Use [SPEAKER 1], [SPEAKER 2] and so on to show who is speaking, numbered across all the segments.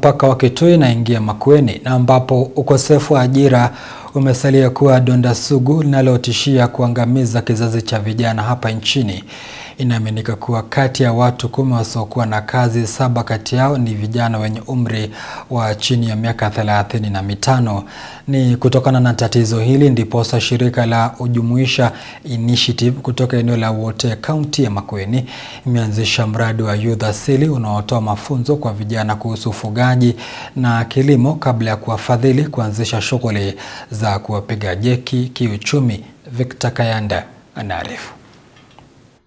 [SPEAKER 1] mpaka wa Kitui na ingia Makueni, na ambapo ukosefu wa ajira umesalia kuwa donda sugu linalotishia kuangamiza kizazi cha vijana hapa nchini. Inaaminika kuwa kati ya watu kumi wasiokuwa na kazi, saba kati yao ni vijana wenye umri wa chini ya miaka thelathini na mitano. Ni kutokana na tatizo hili ndiposa shirika la Ujumuisha Initiative kutoka eneo la Wote kaunti ya Makueni imeanzisha mradi wa Youth Asili unaotoa mafunzo kwa vijana kuhusu ufugaji na kilimo kabla ya kuwafadhili kuanzisha shughuli za kuwapiga jeki kiuchumi. Victor Kayanda anaarifu.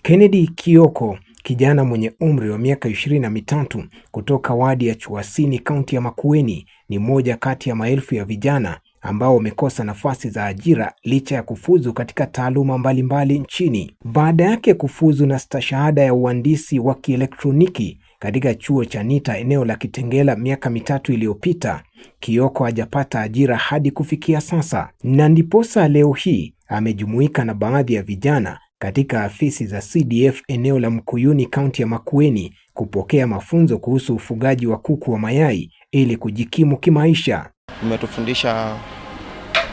[SPEAKER 1] Kennedy Kioko kijana mwenye umri wa miaka ishirini na mitatu kutoka wadi ya Chuasini kaunti ya Makueni ni mmoja kati ya maelfu ya vijana ambao wamekosa nafasi za ajira licha ya kufuzu katika taaluma mbalimbali nchini. Baada yake kufuzu na stashahada ya uhandisi wa kielektroniki katika chuo cha NITA eneo la Kitengela miaka mitatu iliyopita, Kioko hajapata ajira hadi kufikia sasa, na ndiposa leo hii amejumuika na baadhi ya vijana katika afisi za CDF eneo la Mkuyuni, kaunti ya Makueni kupokea mafunzo kuhusu ufugaji wa kuku wa mayai ili kujikimu kimaisha.
[SPEAKER 2] Umetufundisha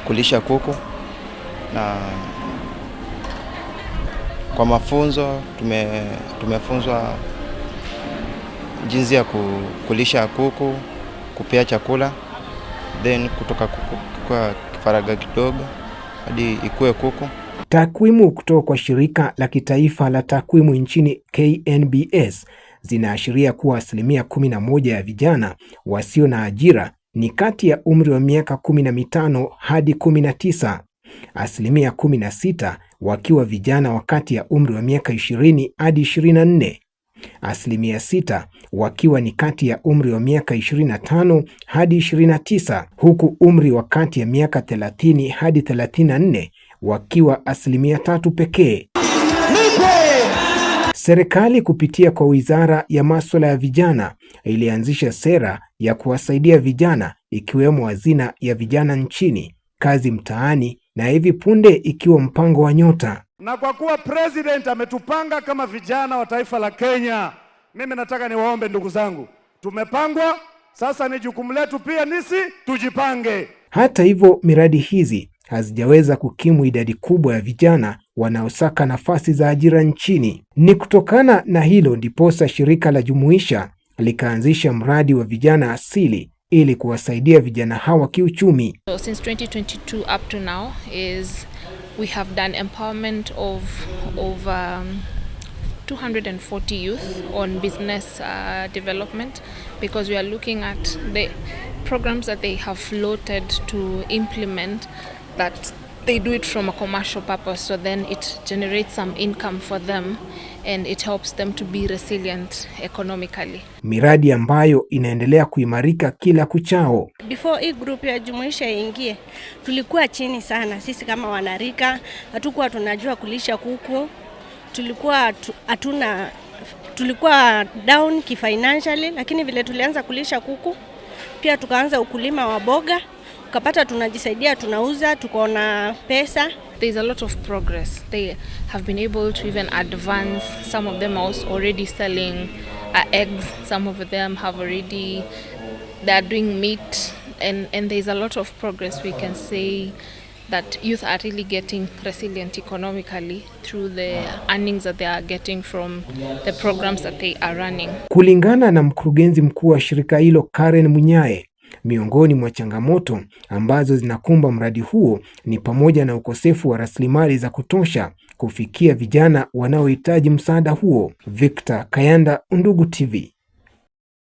[SPEAKER 2] kulisha kuku na kwa mafunzo tume, tumefunzwa jinsi ya kulisha kuku, kupea chakula then kutoka kuku kwa kifaraga kidogo hadi ikue kuku
[SPEAKER 1] Takwimu kutoka kwa shirika la kitaifa la takwimu nchini KNBS zinaashiria kuwa asilimia 11 ya vijana wasio na ajira ni kati ya umri wa miaka 15 hadi 19, asilimia 16 wakiwa vijana wa kati ya umri wa miaka 20 hadi 24, asilimia 6 wakiwa ni kati ya umri wa miaka 25 hadi 29, huku umri wa kati ya miaka 30 hadi nne wakiwa asilimia tatu pekee. Serikali kupitia kwa Wizara ya Masuala ya Vijana ilianzisha sera ya kuwasaidia vijana ikiwemo hazina ya vijana nchini, kazi mtaani na hivi punde ikiwa mpango wa Nyota.
[SPEAKER 3] Na kwa kuwa president ametupanga kama vijana wa taifa la Kenya, mimi nataka niwaombe ndugu zangu, tumepangwa sasa, ni jukumu letu pia nisi tujipange.
[SPEAKER 1] Hata hivyo, miradi hizi hazijaweza kukimu idadi kubwa ya vijana wanaosaka nafasi za ajira nchini. Ni kutokana na hilo ndiposa shirika la Jumuisha likaanzisha mradi wa vijana asili ili kuwasaidia vijana hawa kiuchumi.
[SPEAKER 4] So since 2022 up to now is we have done empowerment of over um, 240 youth on business uh, development because we are looking at the programs that they have floated to implement that they do it from a commercial purpose so then it generates some income for them and it helps them to be resilient economically.
[SPEAKER 1] Miradi ambayo inaendelea kuimarika kila kuchao.
[SPEAKER 5] Before hii group ya jumuisha ingie, tulikuwa chini sana sisi kama wanarika, hatukuwa tunajua kulisha kuku, tulikuwa hatuna, tulikuwa down kifinancially, lakini vile tulianza kulisha kuku pia tukaanza ukulima wa boga tukapata tunajisaidia, tunauza, tuko na pesa.
[SPEAKER 4] There is a lot of progress. They have been able to even advance. Some of them are already selling uh, eggs. Some of them have already they are doing meat and, and there is a lot of progress we can say that youth are really getting resilient economically through the earnings that they are getting from the programs that they are running.
[SPEAKER 1] Kulingana na mkurugenzi mkuu wa shirika hilo Karen Munyae, Miongoni mwa changamoto ambazo zinakumba mradi huo ni pamoja na ukosefu wa rasilimali za kutosha kufikia vijana wanaohitaji msaada huo. Victor Kayanda, Undugu TV.